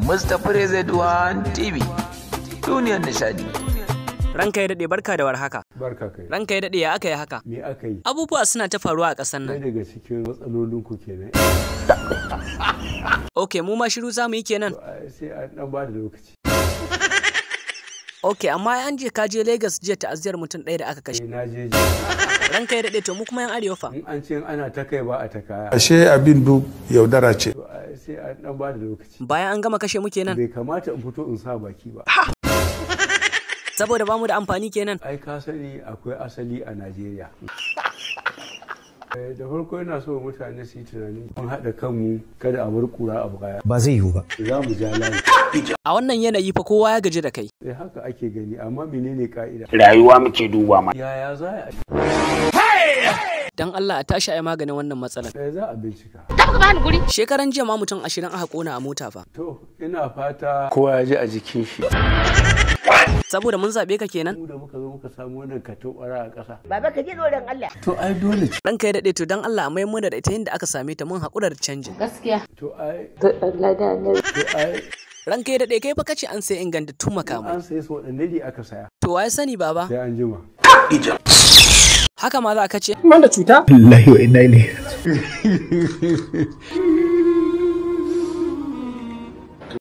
Mustapha Rezeduan TV duniyar nishadi. Ranka ya daɗe barka da warhaka. Barka kai. Ranka ya daɗe ya aka yi haka. Me aka yi? Abubuwa suna ta faruwa a ƙasar nan. daga cikin matsalolin ku kenan. Ok, mu ma shiru za mu yi kenan. Sai a ɗan ba da lokaci. Ok, amma an je ka je Lagos jiya ta'aziyar mutum ɗaya da aka kashe. Eh, na je Ranka ya daɗe to mu kuma yan arewa fa. an ce ana ta kai ba a ta kaya. Ashe abin duk yaudara ce. sai a dan ba da lokaci bayan an gama kashe mu kenan bai kamata in fito in sa baki ba saboda bamu da amfani kenan ai ka sani akwai asali a Najeriya eh, da farko yana so mutane su yi tunanin kun haɗa kanmu kada a bar kura a baya ba zai yiwu ba za mu ja a wannan yanayi fa kowa ya gaji da kai sai eh, haka ake gani amma menene ka'ida rayuwa muke duba ma yaya za a dan Allah a tashi ayi maganin wannan matsalar. Sai eh, za a bincika. Ta ka bani guri. Shekaran jiya ma mutum ashirin aka kona a mota fa. To ina fata kowa ya ji a jikin shi. Saboda mun zabe ka kenan? Mu da muka zo muka samu wannan ƙwara a ƙasa. Baba ka ji tsoron Allah. To ai dole. Ranka ya daɗe to dan Allah a maimuna da ita yadda aka same ta mun haƙurar da canjin. Gaskiya. To ai. To Allah da Allah. To ai. ranka ya daɗe kai fa kace an sai ingantattun makamai an sai su waɗanne ne aka saya to ya sani baba sai an jima haka ma za ka ce? Wanda cuta? Wallahi wa inna ilaihi.